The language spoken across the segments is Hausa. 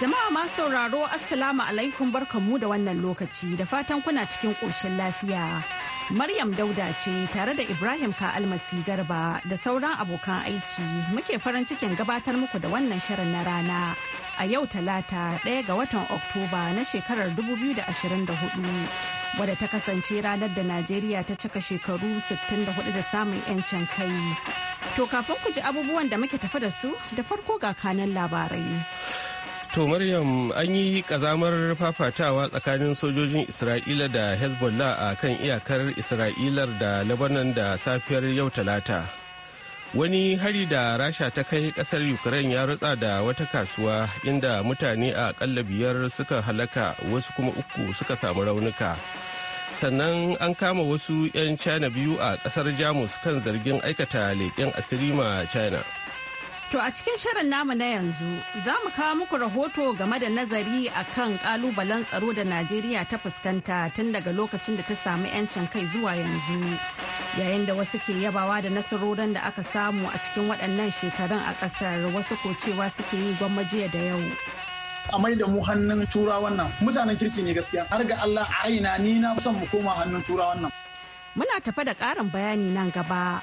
Jama'a masu sauraro Assalamu alaikum barkanmu da wannan lokaci da fatan kuna cikin ƙoshin lafiya. Maryam Dauda ce tare da Ibrahim Ka'almasi Garba da sauran abokan aiki muke farin cikin gabatar muku da wannan shirin na rana a yau talata ɗaya ga watan Oktoba na shekarar 2024 wadda ta kasance ranar da Najeriya ta cika shekaru 64 da samun 'yancin kai. To kafin ku ji abubuwan da muke tafa da su da farko ga kanan labarai. To Maryam an yi kazamar fafatawa tsakanin sojojin Isra'ila da Hezbollah a kan iyakar Isra'ilar da Lebanon da safiyar yau talata. Wani hari da Rasha ta kai kasar Ukraine ya rutsa da wata kasuwa inda mutane a akalla biyar suka halaka wasu kuma uku suka samu raunuka. Sannan an kama wasu 'yan China biyu a kasar Jamus kan zargin aikata leƙen asiri ma China. To a cikin shirin namu na yanzu za mu kawo muku rahoto game da nazari a kan kalubalen tsaro da Najeriya ta fuskanta tun daga lokacin da ta samu 'yancin kai zuwa yanzu. Yayin da wasu ke yabawa da nasarorin da aka samu a cikin waɗannan shekarun a ƙasar wasu ko cewa suke yi gwammajiya da yau. a mai da mu hannun turawan nan mutanen kirki ne gaskiya har ga Allah a raina ni na son mu koma hannun turawan nan. Muna tafa da ƙarin bayani nan gaba.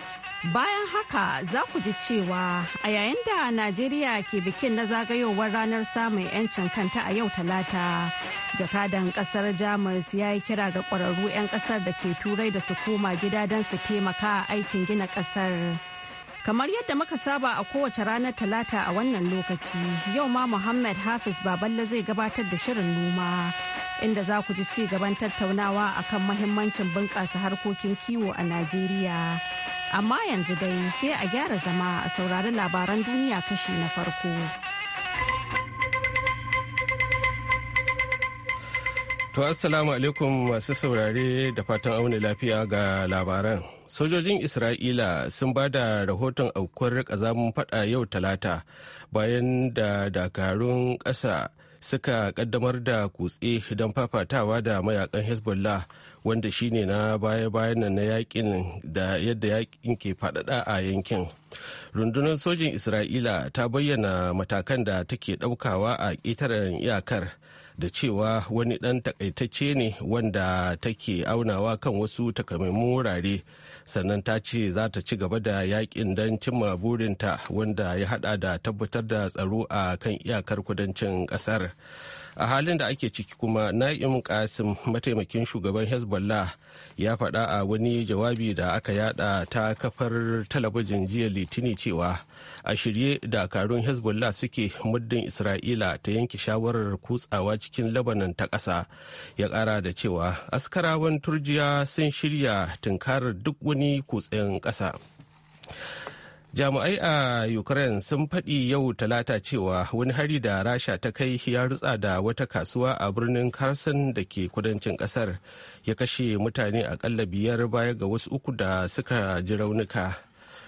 Bayan haka za ku ji cewa a yayin da Najeriya ke bikin na zagayowar ranar samun 'yancin kanta a yau talata, jakadan kasar Jamus ya yi kira ga kwararru 'yan kasar da ke turai da su koma gida don su taimaka aikin gina kasar. Kamar yadda muka saba a kowace ranar Talata a wannan lokaci, yau ma Muhammad Hafiz Baballe zai gabatar da shirin noma inda za ku ji ci gaban tattaunawa akan mahimmancin bunƙasa harkokin kiwo a Najeriya. Amma yanzu dai sai a gyara zama a saurari labaran duniya kashi na farko. To, Assalamu alaikum masu saurare da fatan auna lafiya ga labaran. sojojin isra'ila sun ba da rahoton aukuwar kazamin fada yau talata bayan da dakarun kasa suka kaddamar da kutse don fafatawa da mayakan hezbollah wanda shine na baya-bayan nan na yakin da yadda yakin ke fadada a yankin rundunar sojin isra'ila ta bayyana matakan da take daukawa a ƙetaren iyakar da cewa wani ɗan takaitacce ne wanda take aunawa kan wasu takamaiman wurare sannan ta ce za ta ci gaba da yakin don cimma burinta wanda ya hada da tabbatar da tsaro a kan iyakar kudancin kasar. a halin da ake ciki kuma na'im kasim mataimakin shugaban hezbollah ya faɗa a wani jawabi da aka yada ta kafar talabijin jiya litini cewa a shirye dakarun hezbollah suke muddin isra'ila ta yanke shawarar kutsawa cikin labanan ta ƙasa ya ƙara da cewa askarawan turjiya sun shirya tunkarar duk wani kutsen ƙasa jami'ai a ukraine sun faɗi yau talata cewa wani hari da rasha ta kai ya rutsa da wata kasuwa a birnin karsan da ke kudancin kasar ya kashe mutane akalla biyar baya ga wasu uku da suka ji raunuka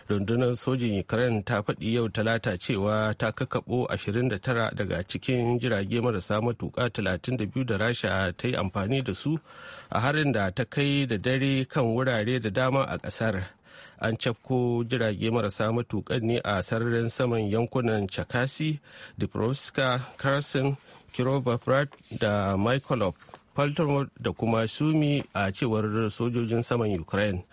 rundunar sojin ukraine ta faɗi yau talata cewa ta kakaɓo 29 daga cikin jirage marasa matuka 32 da rasha ta yi amfani da su a harin da ta kai da dare kan wurare da dama a kasar. an cafko jirage marasa matukan ne a sararin saman yankunan chakasi dubrovska carson kirovabrad da mikolov baltimore da kuma sumi a cewar sojojin saman ukraine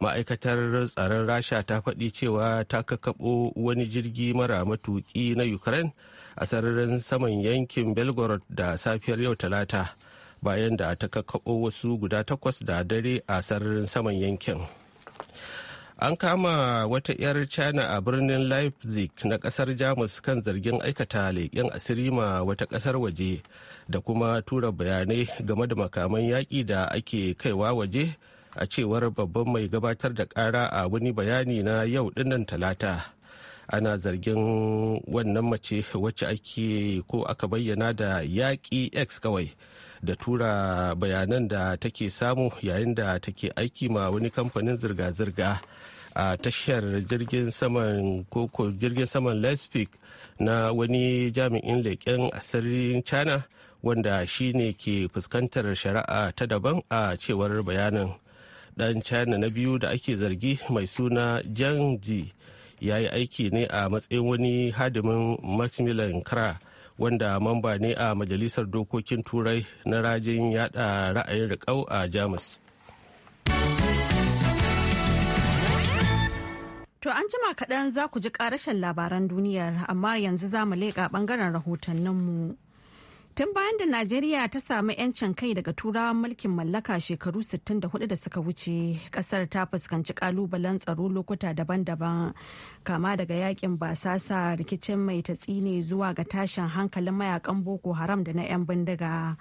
ma'aikatar tsaron rasha ta faɗi cewa ta kakaɓo wani jirgi mara matuki na ukraine a sararin saman yankin belgorod da safiyar yau talata bayan da ta kakaɓo wasu guda takwas da dare a sararin saman yankin an kama wata 'yar china a birnin leipzig na kasar jamus kan zargin aikata leƙen asiri ma wata kasar waje da kuma tura bayanai game da makaman yaƙi da ake kaiwa waje a cewar babban mai gabatar da ƙara a wani bayani na yau dinnan talata ana zargin wannan mace wacce ake ko aka bayyana da yaƙi x kawai da tura bayanan da take samu yayin da take aiki ma wani kamfanin zirga-zirga a tashar jirgin saman koko jirgin saman lesbic na wani jami'in leƙen asirin china wanda shi ne ke fuskantar shari'a ta daban a cewar bayanan dan china na biyu da ake zargi mai suna jiang ji ya yi aiki ne a matsayin wani hadimin maximilian kra wanda mamba ne a majalisar dokokin turai na rajin yada ra'ayin riƙau a jamus To an jima kaɗan za ku ji ƙarashin labaran duniyar amma yanzu za mu leƙa ɓangaren rahotanninmu. Tun bayan da Najeriya ta samu 'yancin kai daga turawan mulkin mallaka shekaru 64 da suka wuce, kasar ta fuskanci kalubalen tsaro lokuta daban-daban, kama daga yakin basasa rikicin mai tatsine zuwa ga tashin hankalin mayakan Boko Haram da na 'yan bindiga.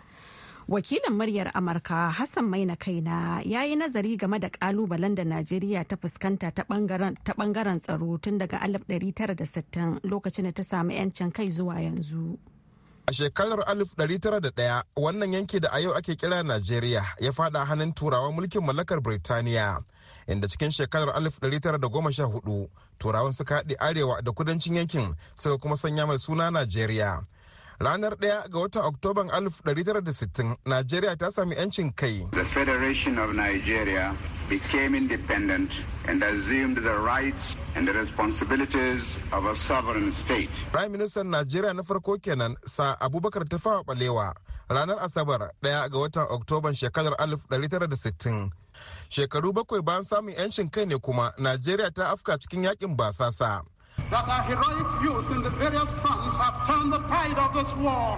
Wakilin muryar Amurka Hassan na Kaina ya yi nazari game da kalubalen da Najeriya ta fuskanta ta bangaren tsaro tun daga 1960 lokacin da ta samu 'yancin kai zuwa yanzu. A shekarar 1901 wannan yanki da a yau ake kira Najeriya ya fada hannun turawan mulkin mallakar Birtaniya, inda cikin shekarar 1914 turawan suka haɗe arewa da kudancin yankin suka kuma sanya mai suna Najeriya. ranar 1 ga watan oktoban 1960 najeriya ta sami 'yancin kai the federation of nigeria became independent and assumed the rights and the responsibilities of a sovereign state prime minister najeriya na farko kenan sa abubakar tafawa balewa ranar asabar 1 ga watan oktoban shekarar 1960 shekaru bakwai bayan samun 'yancin kai ne kuma najeriya ta afka cikin yakin basasa that our heroic youth in the various fronts have turned the tide of this war.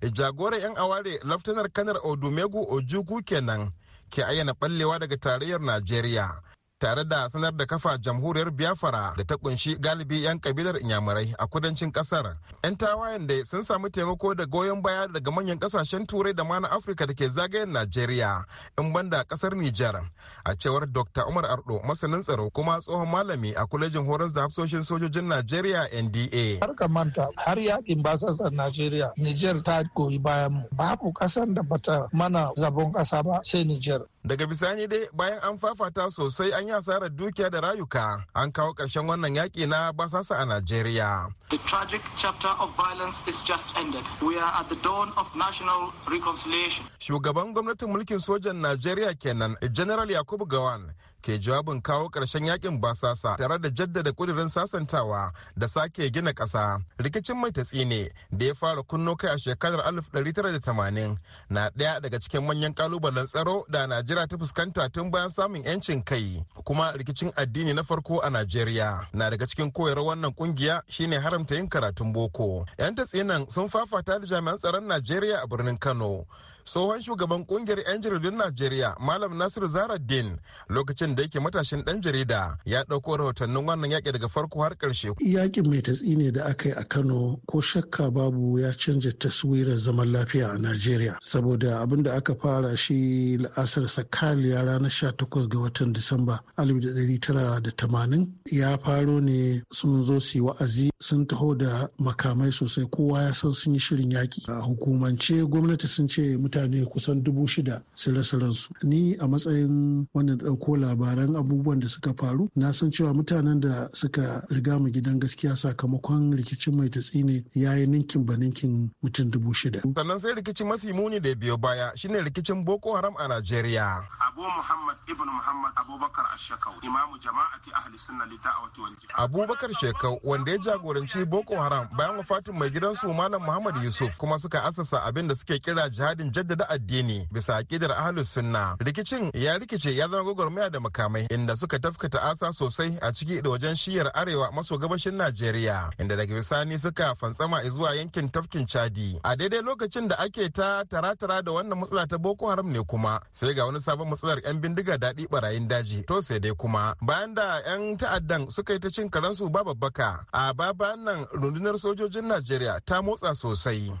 Jagorar 'yan aware Laftanar Kanar Odumegu Ojugu kenan ke ayyana ballewa daga tarayyar Najeriya tare da sanar da kafa jamhuriyar biafra da ta kunshi galibi 'yan kabilar inyamurai a kudancin kasar 'yan tawayen da sun samu taimako da goyon baya daga manyan kasashen turai da mana afirka da ke zagayen najeriya in banda kasar Nijar, a cewar dr umar ardo masanin tsaro kuma tsohon malami a kwalejin horas da hafsoshin sojojin najeriya nda har ka manta har yakin basasar najeriya niger ta goyi bayan mu babu kasan da bata mana zabon kasa ba sai niger daga bisani dai bayan an fafata sosai an yi asarar dukiya da rayuka an kawo ƙarshen wannan yaƙi na basasa a najeriya the tragic chapter of violence is just ended we are at the dawn of national reconciliation shugaban gwamnatin mulkin sojan najeriya kenan general yakubu gawan ke jawabin kawo ƙarshen yakin basasa tare da jaddada kudirin sasantawa da sake gina ƙasa rikicin mai ta ne da ya fara kunno kai a shekarar 1980 na ɗaya daga cikin manyan ƙalubalen tsaro da najeriya ta fuskanta tun bayan samun 'yancin kai kuma rikicin addini na farko a najeriya na daga cikin koyarwar wannan kungiya shine haramta yin karatun boko 'yan tatsinan sun fafata da jami'an tsaron najeriya a birnin kano tsohon shugaban kungiyar 'yan jaridun najeriya malam nasiru zaraddin lokacin da yake matashin dan jarida ya ɗauko rahotannin wannan yaƙi daga farko har ƙarshe. yaƙin mai tatsi ne da aka yi a kano ko shakka babu ya canja taswirar zaman lafiya a najeriya saboda abin da aka fara shi la'asar sakaliya ranar 18 ga watan disamba 1980 ya faro ne sun zo su yi wa'azi sun taho da makamai sosai kowa ya san sun yi shirin yaƙi a hukumance gwamnati sun ce mutane mutane kusan dubu shida su rasa ransu ni a matsayin wanda ɗauko labaran abubuwan da suka faru na san cewa mutanen da suka riga mu gidan gaskiya sakamakon rikicin mai tatsi ne ya yi ninkin ba ninkin mutum dubu shida. sannan sai rikici mafi muni da biyo baya shine rikicin boko haram a najeriya. abu muhammad ibn muhammad abubakar ashekau imamu jama'ati ahli sunna wal jihad. abubakar shekau wanda ya jagoranci boko haram bayan wafatin mai gidansu malam muhammad yusuf kuma suka asasa abin da suke kira jihadin jaddada addini bisa aƙidar ahlus sunna rikicin ya rikice ya zama gwagwarmaya da makamai inda suka tafkata asa sosai a ciki da wajen shiyar arewa maso gabashin najeriya inda daga bisani suka fantsama zuwa yankin tafkin chadi a daidai lokacin da ake ta taratara da wannan matsala ta boko haram ne kuma sai ga wani sabon matsalar yan bindiga daɗi barayin daji to sai dai kuma bayan da yan ta'addan suka yi ta cin karansu ba babbaka a baban nan rundunar sojojin najeriya ta motsa sosai.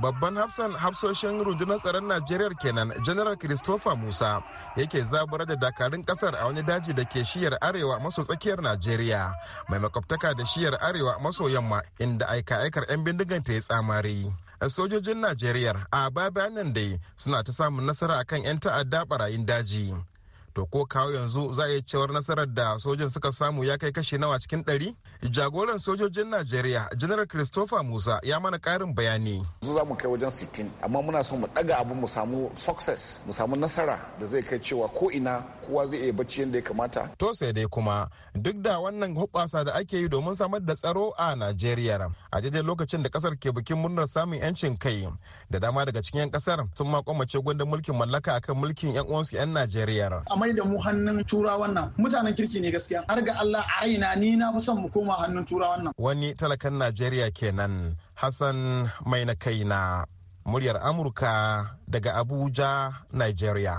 babban hafsan hafsoshin rundunar tsaron najeriya kenan general christopher musa yake zaburar da dakarun kasar a wani daji da ke shiyar arewa maso tsakiyar najeriya mai makwabtaka da shiyar arewa maso yamma inda aika-aikar 'yan bindigan ta yi tsamari sojojin najeriya a baya dai suna ta samun nasara akan 'yan ta'adda barayin daji to ko kawo yanzu za a yi cewar nasarar da sojin suka samu ya kai kashe nawa cikin ɗari jagoran sojojin najeriya general christopher musa ya mana karin bayani yanzu za mu kai wajen 60 amma muna son mu ɗaga abu mu samu success mu samu nasara da zai kai cewa ko ina kowa zai iya bacci yadda ya kamata to sai dai kuma duk da wannan hoɓasa da ake yi domin samar da tsaro a najeriya a daidai lokacin da kasar ke bikin murnar samun yancin kai da dama daga cikin 'yan kasar sun makwamace gundun mulkin mallaka akan mulkin 'yan uwansu 'yan najeriya amfani da mu hannun turawan nan mutanen kirki ne gaskiya har ga Allah a raina ni na fi son mu koma hannun turawan nan wani talakan Najeriya kenan Hassan mai na kaina muryar Amurka daga Abuja Nigeria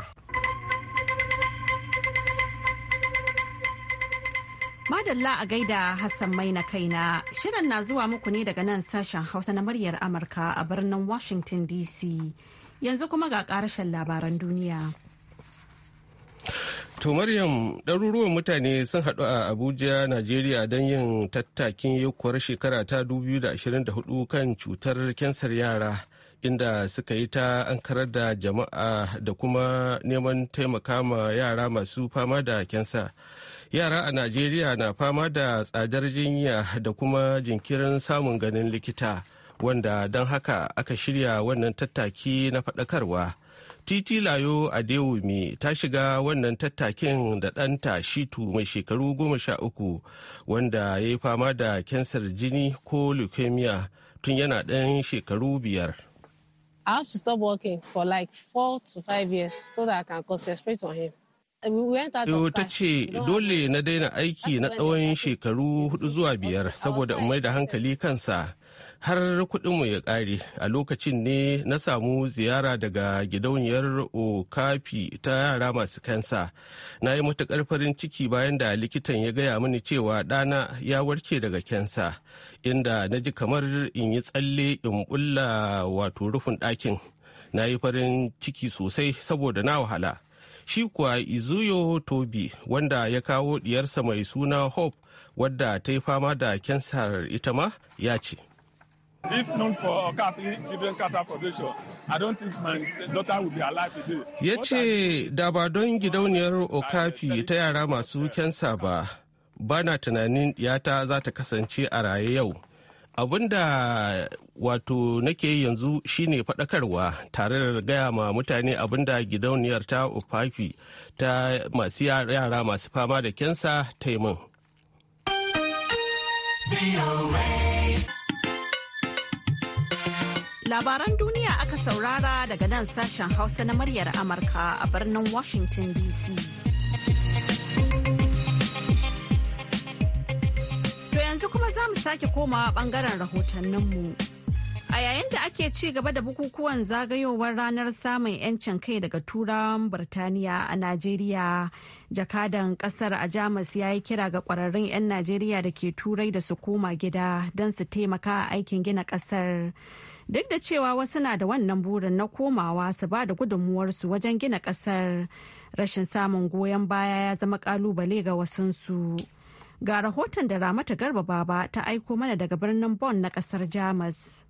Madalla a gaida Hassan mai na kaina shirin na zuwa muku ne daga nan sashen Hausa na muryar Amurka a birnin Washington DC. Yanzu kuma ga karashen labaran duniya. To Maryam ɗaruruwan mutane sun haɗu a Abuja, Najeriya don yin tattakin yaukuwar shekara ta 2024 kan cutar kyansar yara inda suka yi ta an da jama'a da kuma neman taimaka ma yara masu fama da kyansa. Yara a Najeriya na fama da tsadar jinya da kuma jinkirin samun ganin likita wanda don haka aka shirya wannan tattaki na faɗakarwa. Titi Layo Adewumi ta shiga wannan tattakin da ɗanta Shitu mai shekaru goma sha uku wanda ya yi fama da kansar jini ko leukemia tun yana ɗan shekaru biyar. I have to stop working for like four to five years so that I can concentrate on him. ta ce dole na daina aiki na tsawon shekaru hudu zuwa biyar saboda in mai da hankali kansa har kuɗinmu ya ƙare a lokacin ne na samu ziyara daga gidauniyar okafi ta yara masu kansa na yi matuƙar farin ciki bayan da likitan ya gaya mini cewa ɗana ya warke daga kansa inda na ji kamar in yi tsalle in bulla wato rufin ɗakin na yi farin ciki sosai saboda na wahala shi kuwa izuyo tobi wanda ya kawo diyarsa mai suna hope wadda ta yi fama da kensar ita ma ya ce If not for Okafi Cancer I don't think my daughter would be alive today. Ya ce da ba don gidauniyar Okafi ta yara masu kensa ba, ba na tunanin yata za ta kasance a raye yau. Abin da wato nake yanzu shine faɗakarwa tare da gaya ma mutane abin da gidauniyar ta Okafi ta masu yara masu fama da kensa ta yi min. Labaran duniya aka saurara daga nan sashen Hausa na muryar Amurka a birnin Washington DC. To yanzu kuma za mu sake komawa bangaren rahotanninmu. A yayin da ake ci gaba da bukukuwan zagayowar ranar samun 'yancin kai daga turawan Birtaniya a Najeriya, jakadan kasar a Jamus ya yi kira ga kwararrun 'yan Najeriya da ke turai da su koma gida don su taimaka a aikin gina kasar. duk da cewa wasu na da wannan burin na komawa su ba da gudunmuwarsu wajen gina kasar rashin samun goyon baya ya zama kalubale ga wasunsu ga rahoton da ramata garba baba ta aiko mana daga birnin Bon na kasar jamus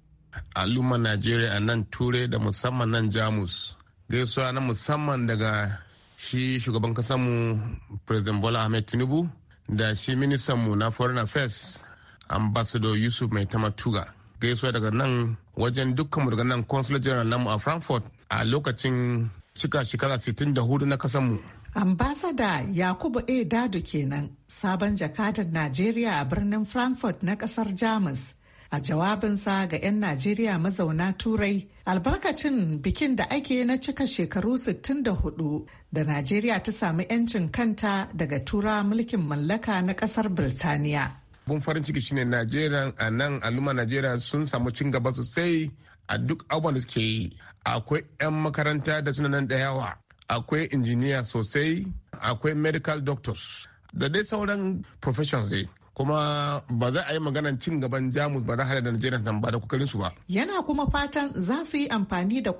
al'umma najeriya a nan turai da musamman nan jamus gaisuwa na musamman daga shi shugaban kasanmu president bola ahmed tinubu da shi ministanmu na foreign affairs ambassador yusuf mai tamatuga gaisuwa daga nan wajen dukkan daga nan consul general namu a frankfurt a lokacin cika shekara 64 na kasanmu. ambasada yakubu a dadu kenan sabon jakadar najeriya a birnin frankfurt na kasar jamus a jawabinsa ga 'yan najeriya mazauna turai albarkacin bikin da ake na cika shekaru 64 da najeriya ta sami 'yancin kanta daga tura mulkin mallaka na kasar birtaniya abun farin ciki shine najeriya a nan al'umma najeriya sun samu cin gaba sosai a duk abubuwan da suke yi akwai 'yan makaranta da suna nan da yawa akwai injiniya sosai akwai medical doctors da dai sauran professions dai kuma ba za a yi maganan cin gaban jamus ba za a da najeriya zan ba da kokarin su ba yana kuma fatan za su yi amfani da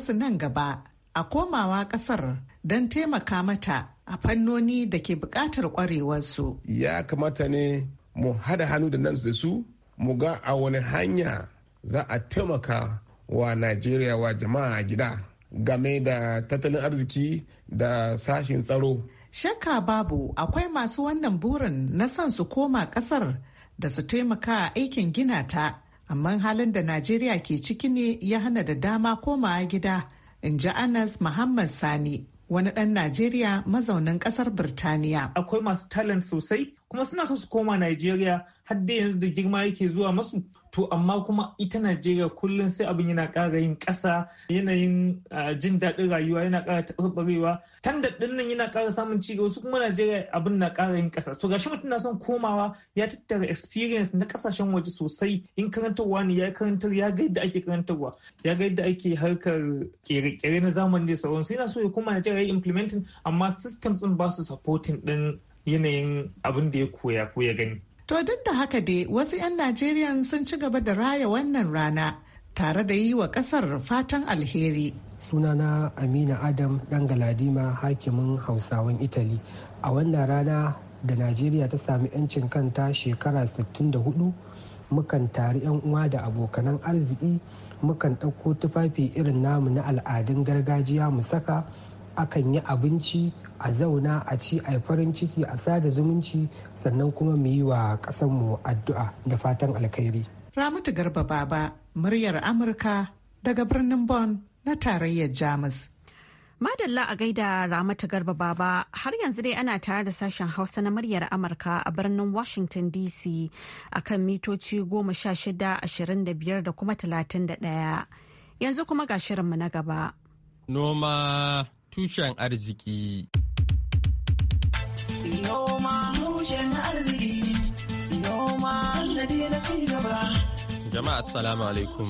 su nan gaba a komawa kasar don taimaka mata a fannoni da ke bukatar su ya kamata ne mu hada hannu da nan da su mu ga a wani hanya za a taimaka wa najeriya wa jama'a gida game da tattalin arziki da sashin tsaro shakka babu akwai masu wannan burin na son su koma kasar da su taimaka aikin gina ta amma halin da najeriya ke ciki ne ya hana da dama komawa gida in ji anas muhammad sani wani ɗan Najeriya mazaunin ƙasar Birtaniya. Akwai masu talent sosai kuma suna so su koma Najeriya har da yanzu da girma yake zuwa masu to amma kuma ita najeriya kullum sai abin yana ƙara yin ƙasa yanayin jin daɗin rayuwa yana ƙara taɓarɓarewa standard ɗin nan yana ƙara samun ci gaba su kuma najeriya abin na ƙara yin ƙasa to gashi mutum na son komawa ya tattara experience na ƙasashen waje sosai in karantarwa ne ya karantar ya ga yadda ake karantarwa ya ga yadda ake harkar ƙere-ƙere na zamani da sauransu yana so ya koma najeriya ya implementing amma systems ɗin ba su supporting ɗin yanayin abin da ya koya ko ya gani To duk da haka dai wasu 'yan Najeriya sun ci gaba da raya wannan rana tare da yi wa ƙasar fatan alheri. Sunana Amina Adam ɗan Galadima hakimin Hausawan Itali. A wannan rana da Najeriya ta sami 'yancin kanta shekara 64 mukan tari 'yan uwa da abokanan arziki mukan ɗauko tufafi irin namu na al'adun gargajiya mu saka akan yi abinci a zauna a ci a yi farin ciki a sada zumunci sannan kuma mu yi wa ƙasanmu addu'a da fatan alkhairi. Ramatu Garba Baba, muryar Amurka daga birnin Bonn na tarayyar Jamus. Madalla a gaida Ramatu Garba Baba har yanzu dai ana tare da sashen Hausa na muryar Amurka a birnin Washington DC akan mitoci goma sha shida ashirin da biyar da kuma talatin da ɗaya. Yanzu kuma ga shirinmu na gaba. Noma tushen arziki. Jama'a assalamu alaikum.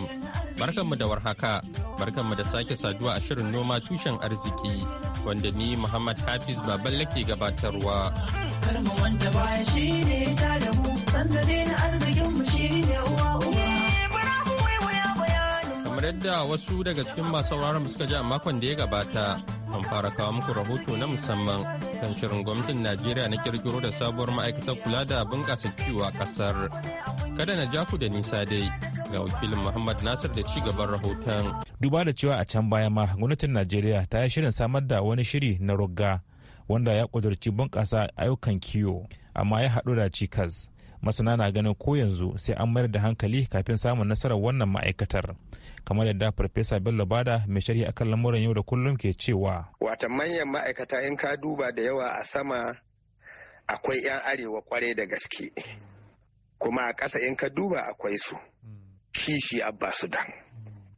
Barkanmu da warhaka, barkanmu da sake saduwa a shirin noma tushen arziki wanda ni Muhammad Hafiz Baban lake gabatarwa. kamar yadda wasu daga cikin masu sauraron suka ji a makon da ya gabata an fara kawo muku rahoto na musamman kan shirin gwamnatin Najeriya na kirkiro da sabuwar ma'aikatar kula da bunƙasa kiwo a ƙasar. Kada na ja ku da nisa dai ga wakilin Muhammad Nasir da ci gaban rahoton. Duba da cewa a can baya ma gwamnatin Najeriya ta yi shirin samar da wani shiri na rogga wanda ya ƙudurci bunƙasa ayyukan kiwo amma ya haɗu da cikas. Masana na ganin ko yanzu sai an mayar da hankali kafin samun nasarar wannan ma'aikatar. kamar yadda farfesa bello bada mai shari'a akan lamuran yau da kullum ke cewa wata manyan ma'aikata in ka duba da yawa a sama akwai 'yan arewa kwarai da gaske kuma a ƙasa in ka duba akwai su kishi abba sudan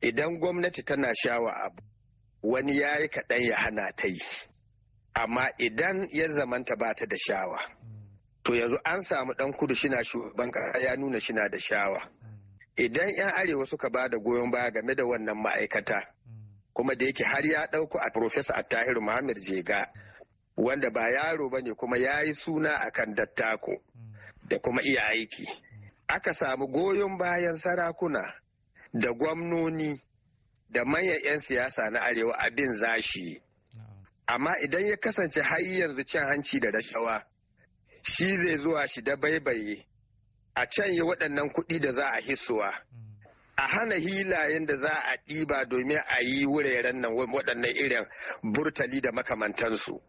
idan gwamnati tana shawa abu wani ya yi kaɗan ya hana ta yi amma idan ya zamanta ba ta da shawa to yanzu an samu ɗan kudu shina shugaban ƙasa ya nuna shi na da shawa idan 'yan arewa suka ba da goyon baya game da wannan ma'aikata kuma da yake har ya ɗauko a Profesa tahiru Muhammad Jega wanda ba yaro ba ne kuma ya yi suna a kan dattako da kuma iya aiki. Aka samu goyon bayan sarakuna da gwamnoni da manyan 'yan siyasa na arewa abin zashi. Amma idan ya kasance har yanzu cin hanci da rashawa, shi zai zuwa shi da baibaye a canye waɗannan kuɗi da za a hisuwa a hana hilayen da za a ɗiba domin a yi wuraren nan waɗannan irin burtali da makamantansu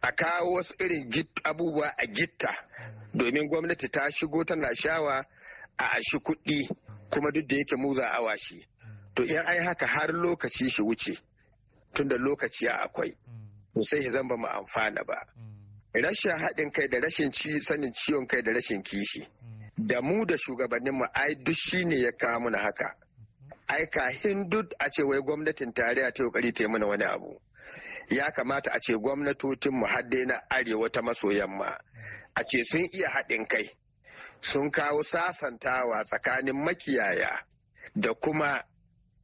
a kawo wasu irin abubuwa a gitta domin gwamnati ta shigo tana shawa a ashi kuɗi kuma duk da yake mu za a washi to in ai haka har lokaci shi wuce tunda lokaci ya akwai to sai zan ba mu amfana ba mm. rashin haɗin kai da rashin sanin ciwon kai da rashin kishi da mu da shugabanninmu ai duk shi ne ya kawo mana haka ai ka Hindu a ce wai gwamnatin tarayya ta kokari ta yi mana wani abu ya kamata a ce gwamnatocin mu hadde na arewa ta maso yamma a ce sun iya haɗin kai sun kawo sasantawa tsakanin makiyaya da kuma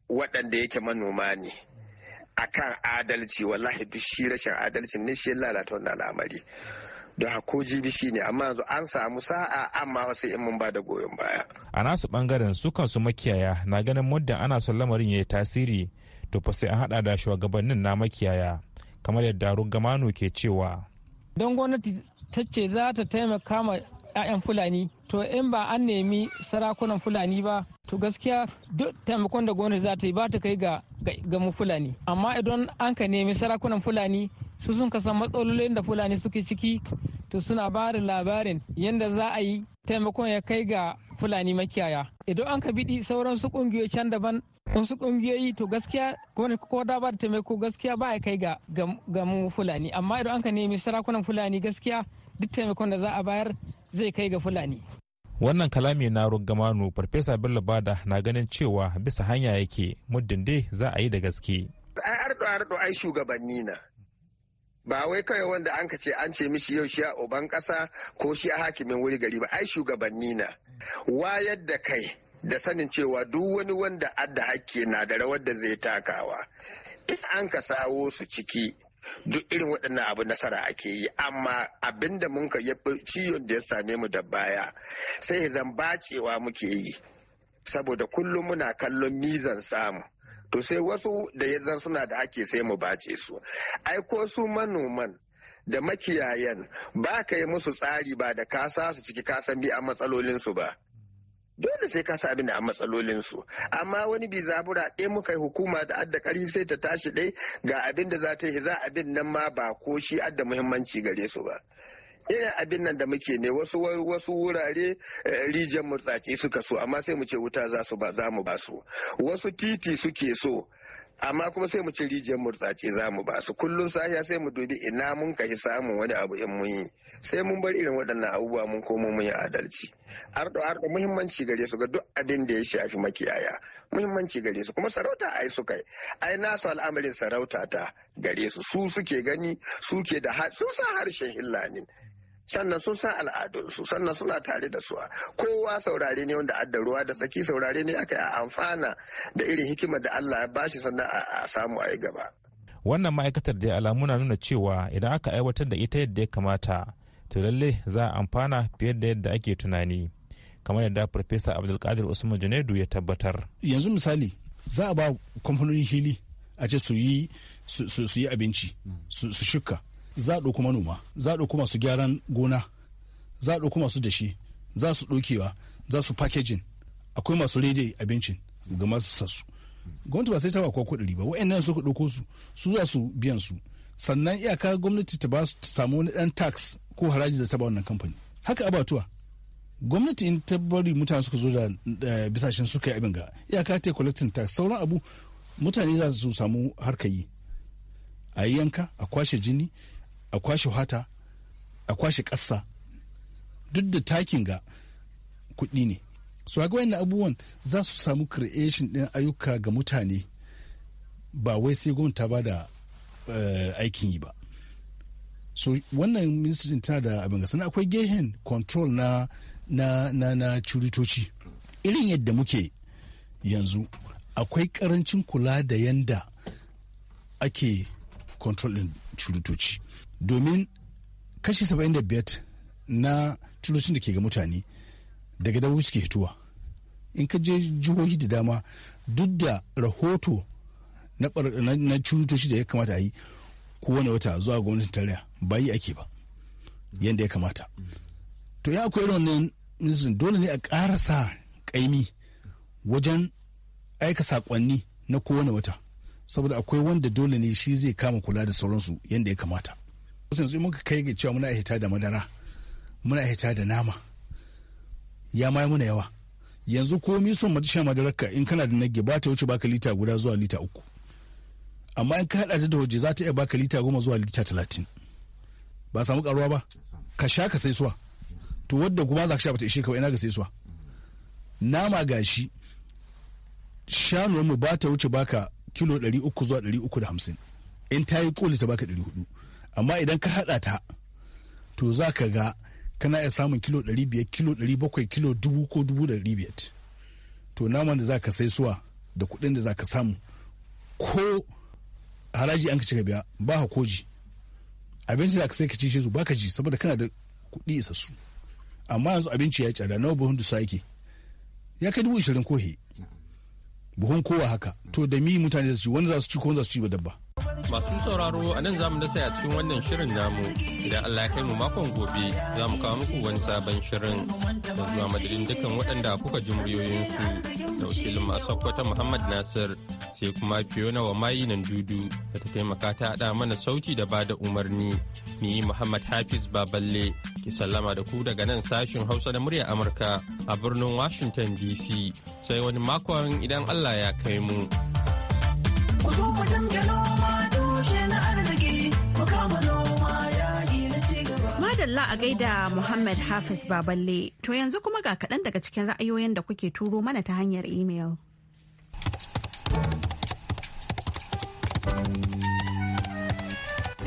waɗanda yake manoma ne akan adalci wallahi duk shi rashin adalcin ne shi lalata wannan al'amari don hako jibi shi ne amma yanzu an samu sa'a amma wasu in mun ba da goyon baya. a nasu bangaren su kansu makiyaya na ganin muddin ana son lamarin ya yi tasiri to fa sai an hada da shugabannin na makiyaya kamar yadda rugamanu ke cewa. don gwamnati ta ce za ta taimaka ma 'ya'yan fulani to in ba an nemi sarakunan fulani ba to gaskiya duk taimakon da gwamnati za ta yi ba ta kai ga ga mu fulani amma idan an ka nemi sarakunan fulani su sun ka san matsalolin da fulani suke ciki to suna barin labarin yadda za a yi taimakon ya kai ga fulani makiyaya idan an ka biɗi sauran su ƙungiyoyi can daban su ƙungiyoyi to gaskiya ko da ba da taimako gaskiya ba ya kai ga ga fulani amma idan an ka nemi sarakunan fulani gaskiya duk taimakon da za a bayar zai kai ga fulani wannan kalami na rugamanu farfesa bello bada na ganin cewa bisa hanya yake muddin dai za a yi da gaske ai ardo ardo ai shugabanni na ba wai kawai wanda an ka ce an ce mishi yau shi a uban kasa ko shi a hakimin wuri gari ba ai shugabanni na wayar da kai da sanin cewa duk wani wanda adda hakki na da rawar da zai takawa in an ka sawo su ciki duk irin waɗannan abu nasara ake yi amma abinda mun ka ciyon da ya same mu da baya sai zan bacewa muke yi saboda kullum muna kallon mizan samu to sai wasu da ya zan suna da ake sai mu bace su ai ko su manoman da makiyayan ba ka yi musu tsari ba da kasa su ciki kasan bi a matsalolinsu ba dole sai ka sa abin a matsalolin su amma wani bi zabura ɗaya muka yi hukuma da adda ƙari sai ta tashi ɗai ga abin da za ta yi za abin nan ma ba ko shi adda muhimmanci gare su ba irin abin nan da muke ne wasu wasu wurare eh, rijiyar murtsaki suka so amma sai mu ce wuta za su ba za mu ba su wasu titi suke so amma kuma sai mu ci rijiyar murtsace za mu ba su kullum safiya sai mu dubi ina mun ka kashi samun wani abu in mun yi sai mun bar irin waɗannan abubuwa mun komo mun yi adalci ardo ardo muhimmanci gare su ga duk abin da ya shafi makiyaya muhimmanci gare su kuma sarauta ai su kai ai nasu al'amarin sarauta ta gare su su suke gani su ke da su sa harshen hilla sannan sun san al'adunsu sannan suna tare da su kowa saurare ne wanda adda ruwa da tsaki saurare ne aka a amfana da irin hikimar da Allah ya bashi sannan a samu a yi gaba. Wannan ma'aikatar da alamu na nuna cewa idan aka aiwatar da ita yadda ya kamata to lalle za a amfana fiye da yadda ake tunani kamar yadda Farfesa Abdulkadir Usman Junaidu ya tabbatar. Yanzu misali za a ba kamfanonin hili a ce su yi abinci su shuka za a manoma za a masu gyaran gona za a ɗauko masu dashi za su ɗaukewa za su packaging akwai masu rede abincin ga masu sassu gwamnati ba sai ta bakwa kuɗi ba wa'annan suka ɗauko su su za su biyan su sannan iyaka gwamnati ta ba su ta samu wani ɗan tax ko haraji da ta ba wannan kamfani haka abatuwa gwamnati in ta bari mutane suka zo da bisashen suka yi abin ga iyaka ta collecting tax sauran abu mutane za su samu harka yi a yi yanka a kwashe jini a kwashe hata a kwashe ƙasa duk da takin ga kuɗi ne su haka wani abubuwan za su samu creation ɗin ayyuka ga mutane ba wai sai gwamnati ta ba da eh, aikin yi ba so wannan ministry tana da abin ga akwai gehen control na na na na curitoci irin yadda muke yanzu akwai karancin kula da yanda ake control din curitoci domin kashi 75 na tulocin da ke ga mutane daga dabbobi suke hituwa in ka je jihohi da dama duk da rahoto na cututtuki da ya kamata a yi kowane wata zuwa gwamnatin tarayya ba yi ake ba yadda ya kamata to ya akwai irin wannan dole ne a ƙarasa kaimi wajen aika saƙonni na kowane wata saboda akwai wanda dole ne shi zai kama kula da sauransu yadda ya kamata yanzu muka kai ga cewa muna hita da madara muna hita da nama ya ma muna yawa yanzu komi son mace shan madararka in kana da nage ba ta wuce baka lita guda zuwa lita uku amma in ka haɗa ta da waje za ta iya baka lita goma zuwa lita talatin ba samu karuwa ba ka sha ka saisuwa to wadda kuma za ka sha bata ishe ka ina ga saisuwa nama gashi shanuwar mu ba ta wuce baka kilo 300 zuwa 350 in ta yi ƙoli ta baka 400 amma idan ka haɗa ta to za ka ga kana iya samun kilo 500 kilo 700 kilo 1000 ko 2500 to naman da za ka sai suwa da kuɗin da za ka samu ko haraji an ka cika biya ba ka koji abinci da ka sai ka ci su ba ka ji saboda kana da kuɗi isassu amma yanzu abinci ya tsada nawa buhun dusa yake ya kai dubu ishirin kohe buhun kowa haka to da mi mutane za su ci wani za su ci ko wani za su ci ba dabba Masu sauraro a nan zamu mu dasa a cikin wannan shirin namu idan Allah ya kai mu makon gobe za mu kawo muku wani sabon shirin da zuwa madadin dukkan waɗanda kuka ji muryoyinsu da wakilin masu kwata Muhammad Nasir sai kuma Fiona wa mayi nan dudu da ta taimaka ta haɗa mana sauti da bada umarni ni Muhammad Hafiz Baballe ki sallama da ku daga nan sashin Hausa da murya Amurka a birnin Washington DC sai wani makon idan Allah ya kai mu. madalla a gaida Muhammad Hafiz Baballe. To yanzu kuma ga kaɗan daga cikin ra'ayoyin da kuke turo mana ta hanyar email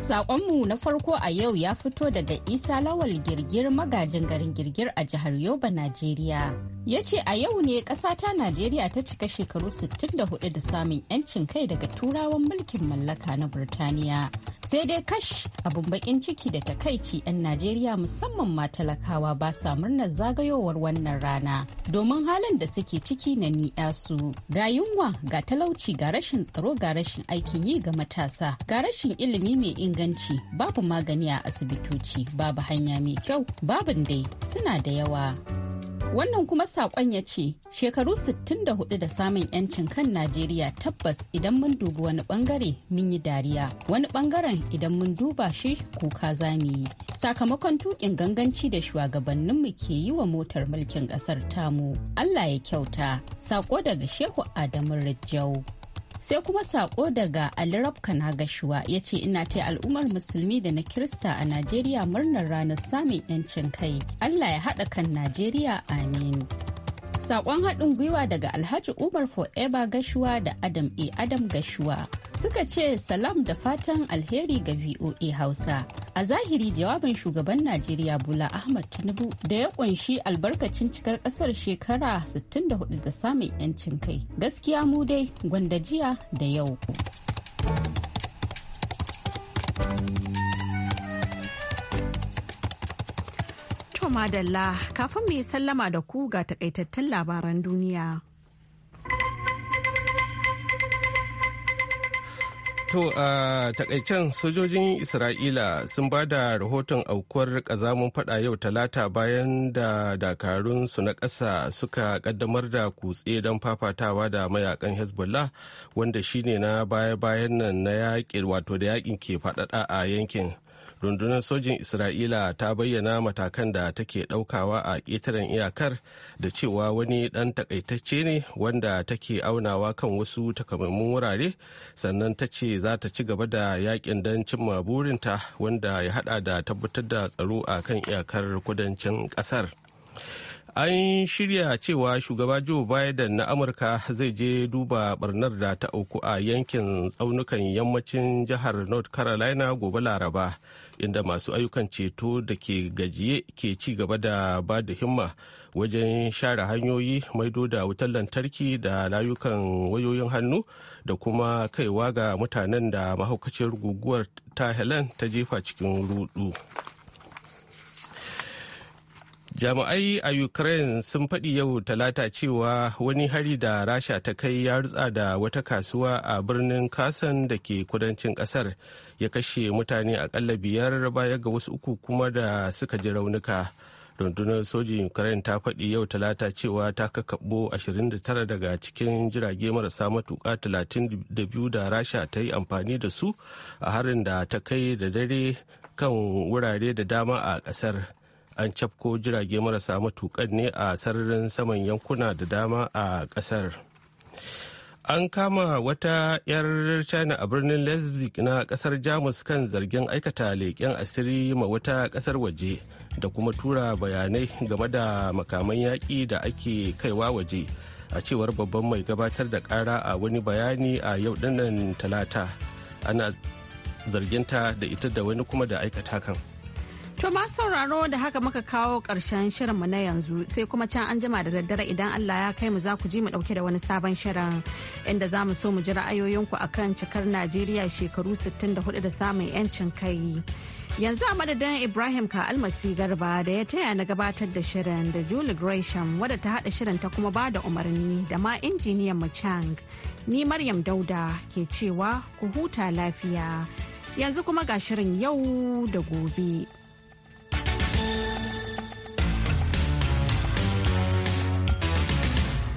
Sakonmu na farko a yau ya fito daga Isa Lawal Girgir magajin garin Girgir a jihar Yoba, Najeriya. Ya ce a yau ne ƙasata Najeriya ta cika shekaru 64 da samun 'yancin kai daga turawan mulkin mallaka na Burtaniya. Sai dai kash abin bakin ciki da takaici 'yan Najeriya musamman ma talakawa ba sa murnar zagayowar wannan rana domin halin da suke ciki na niya su. Ga yunwa, ga talauci, ga rashin tsaro, ga rashin aikin yi ga matasa, ga rashin ilimi mai inganci babu magani a asibitoci babu hanya mai kyau babin dai suna da yawa wannan kuma saƙon ya ce shekaru 64 da samun yancin kan najeriya tabbas idan mun dubi wani bangare mun yi dariya wani bangaren idan mun duba shi kuka za yi sakamakon tukin ganganci da shugabanninmu ke yi wa motar mulkin kasar tamu allah ya kyauta sako daga shehu adamu rajau sai kuma sako daga alirab kana gashuwa ya ce ina ta al'ummar musulmi da na kirista a najeriya murnar ranar samun yancin kai allah ya haɗa kan najeriya amin Sakon haɗin gwiwa daga Alhaji Umar Forever Gashuwa da Adam E. Adam Gashuwa suka ce salam da fatan alheri ga VOA Hausa. A zahiri jawabin shugaban Najeriya bula Ahmad Tinubu da ya kunshi albarkacin cikar ƙasar shekara 64 da samun 'yancin kai. Gaskiya mu dai gwanda jiya da yau. da madalla kafin mu yi sallama da ku ga takaitattun labaran duniya. To a takaicen sojojin Isra'ila sun ba da rahoton aukuwar kazamun fada yau talata bayan da dakarun su na ƙasa suka kaddamar da kutse don fafatawa da mayakan Hezbollah wanda shine na baya-bayan nan na yaƙin wato da yaƙin ke faɗaɗa a yankin. rundunar sojin isra'ila ta bayyana matakan da take daukawa a ƙetaren iyakar da cewa wani ɗan takaitacce ne wanda take aunawa kan wasu takamaimun wurare sannan ta ce za ta ci gaba da yakin don cimma burinta wanda ya hada da tabbatar da tsaro a kan iyakar kudancin ƙasar. an shirya cewa shugaba joe biden na amurka zai je duba barnar da ta auku a yankin tsaunukan yammacin jihar north carolina gobe laraba inda masu ayyukan ceto da ke gajiye ke ci gaba da ba da himma wajen share hanyoyi maido da wutar lantarki da layukan wayoyin hannu da kuma kaiwa ga mutanen da mahaukaciyar guguwar ta helen ta jefa cikin rudu. jami'ai a ukraine sun faɗi yau talata cewa wani hari da rasha ta kai ya rutsa da wata kasuwa a birnin kasan da ke kudancin ƙasar ya kashe mutane aƙalla biyar baya ga wasu uku kuma da suka ji raunuka rundunar sojin ukraine ta faɗi yau talata cewa ta kakabo 29 daga cikin jirage marasa matuƙa 32 da rasha ta yi amfani da su a harin da ta kai da dare kan wurare da dama a ƙasar an cafko jirage marasa matukan ne a sararin saman yankuna da dama a ƙasar. an kama wata 'yar china a birnin leipzig na ƙasar jamus kan zargin aikata leƙen asiri ma wata ƙasar waje da kuma tura bayanai game da makaman yaƙi da ake kaiwa waje a cewar babban mai gabatar da ƙara a wani bayani a yau dinnan talata ana zarginta da ita da wani kuma da aikata kan To masu sauraro da haka muka kawo ƙarshen shirinmu na yanzu sai kuma can an jima da daddare idan Allah ya kai mu za ku ji mu ɗauke da wani sabon shirin inda za mu so mu ji ra'ayoyinku akan cikar Najeriya shekaru 64 da samun 'yancin kai. Yanzu a madadin Ibrahim ka almasi garba da ya taya na gabatar da shirin da Julie Gresham wadda ta haɗa shirin ta kuma ba da umarni da ma injiniyan mu Chang. Ni Maryam Dauda ke cewa ku huta lafiya. Yanzu kuma ga shirin yau da gobe.